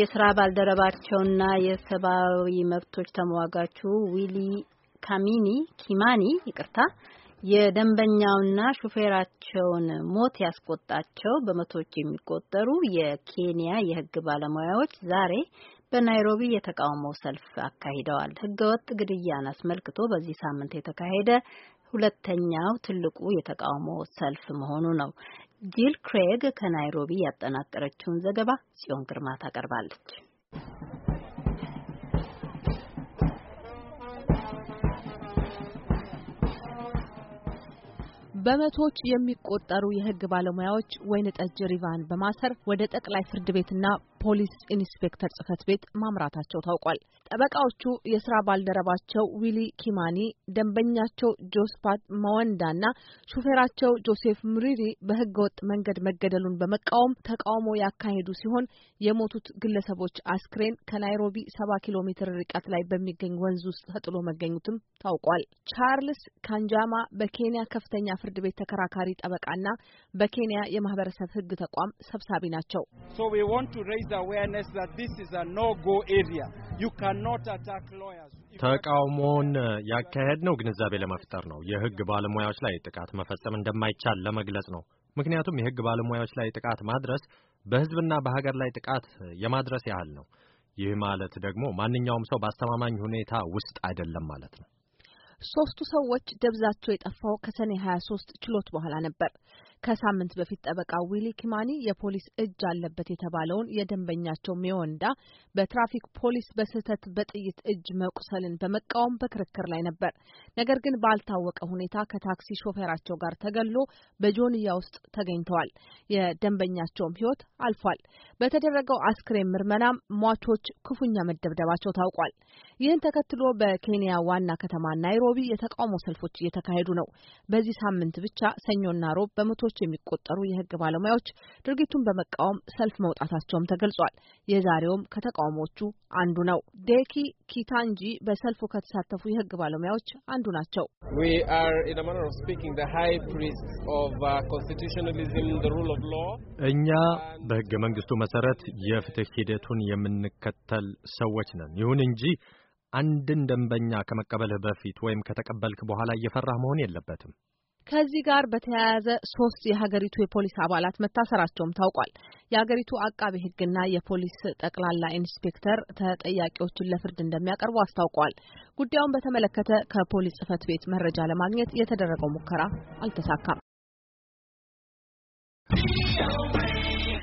የስራ ባልደረባቸውና የሰብአዊ መብቶች ተሟጋቹ ዊሊ ካሚኒ ኪማኒ ይቅርታ የደንበኛውና ሹፌራቸውን ሞት ያስቆጣቸው በመቶዎች የሚቆጠሩ የኬንያ የሕግ ባለሙያዎች ዛሬ በናይሮቢ የተቃውሞ ሰልፍ አካሂደዋል። ሕገወጥ ግድያን አስመልክቶ በዚህ ሳምንት የተካሄደ ሁለተኛው ትልቁ የተቃውሞ ሰልፍ መሆኑ ነው። ጂል ክሬግ ከናይሮቢ ያጠናቀረችውን ዘገባ ጽዮን ግርማ ታቀርባለች። በመቶዎች የሚቆጠሩ የህግ ባለሙያዎች ወይን ጠጅ ሪቫን በማሰር ወደ ጠቅላይ ፍርድ ቤትና ፖሊስ ኢንስፔክተር ጽህፈት ቤት ማምራታቸው ታውቋል። ጠበቃዎቹ የስራ ባልደረባቸው ዊሊ ኪማኒ፣ ደንበኛቸው ጆስፓት መወንዳና ሹፌራቸው ጆሴፍ ሙሪሪ ወጥ መንገድ መገደሉን በመቃወም ተቃውሞ ያካሄዱ ሲሆን የሞቱት ግለሰቦች አስክሬን ከናይሮቢ ሰባ ኪሎ ሜትር ርቀት ላይ በሚገኝ ወንዝ ውስጥ ተጥሎ መገኘቱም ታውቋል። ቻርልስ ካንጃማ በኬንያ ከፍተኛ ፍርድ ፍርድ ቤት ተከራካሪ ጠበቃና በኬንያ የማህበረሰብ ህግ ተቋም ሰብሳቢ ናቸው። ተቃውሞውን ያካሄድ ነው ግንዛቤ ለመፍጠር ነው። የህግ ባለሙያዎች ላይ ጥቃት መፈጸም እንደማይቻል ለመግለጽ ነው። ምክንያቱም የህግ ባለሙያዎች ላይ ጥቃት ማድረስ በህዝብና በሀገር ላይ ጥቃት የማድረስ ያህል ነው። ይህ ማለት ደግሞ ማንኛውም ሰው በአስተማማኝ ሁኔታ ውስጥ አይደለም ማለት ነው። ሶስቱ ሰዎች ደብዛቸው የጠፋው ከሰኔ 23 ችሎት በኋላ ነበር። ከሳምንት በፊት ጠበቃ ዊሊ ኪማኒ የፖሊስ እጅ አለበት የተባለውን የደንበኛቸው ሚወንዳ በትራፊክ ፖሊስ በስህተት በጥይት እጅ መቁሰልን በመቃወም በክርክር ላይ ነበር። ነገር ግን ባልታወቀ ሁኔታ ከታክሲ ሾፌራቸው ጋር ተገሎ በጆንያ ውስጥ ተገኝተዋል። የደንበኛቸውም ሕይወት አልፏል። በተደረገው አስክሬን ምርመራም ሟቾች ክፉኛ መደብደባቸው ታውቋል። ይህን ተከትሎ በኬንያ ዋና ከተማ ናይሮቢ የተቃውሞ ሰልፎች እየተካሄዱ ነው። በዚህ ሳምንት ብቻ ሰኞና ሮብ በመቶ በመቶዎች የሚቆጠሩ የህግ ባለሙያዎች ድርጊቱን በመቃወም ሰልፍ መውጣታቸውም ተገልጿል። የዛሬውም ከተቃውሞዎቹ አንዱ ነው። ዴኪ ኪታንጂ በሰልፉ ከተሳተፉ የህግ ባለሙያዎች አንዱ ናቸው። uh, እኛ በህገ መንግስቱ መሰረት የፍትህ ሂደቱን የምንከተል ሰዎች ነን። ይሁን እንጂ አንድን ደንበኛ ከመቀበልህ በፊት ወይም ከተቀበልክ በኋላ እየፈራህ መሆን የለበትም። ከዚህ ጋር በተያያዘ ሶስት የሀገሪቱ የፖሊስ አባላት መታሰራቸውም ታውቋል። የሀገሪቱ አቃቤ ሕግና የፖሊስ ጠቅላላ ኢንስፔክተር ተጠያቂዎችን ለፍርድ እንደሚያቀርቡ አስታውቀዋል። ጉዳዩን በተመለከተ ከፖሊስ ጽፈት ቤት መረጃ ለማግኘት የተደረገው ሙከራ አልተሳካም።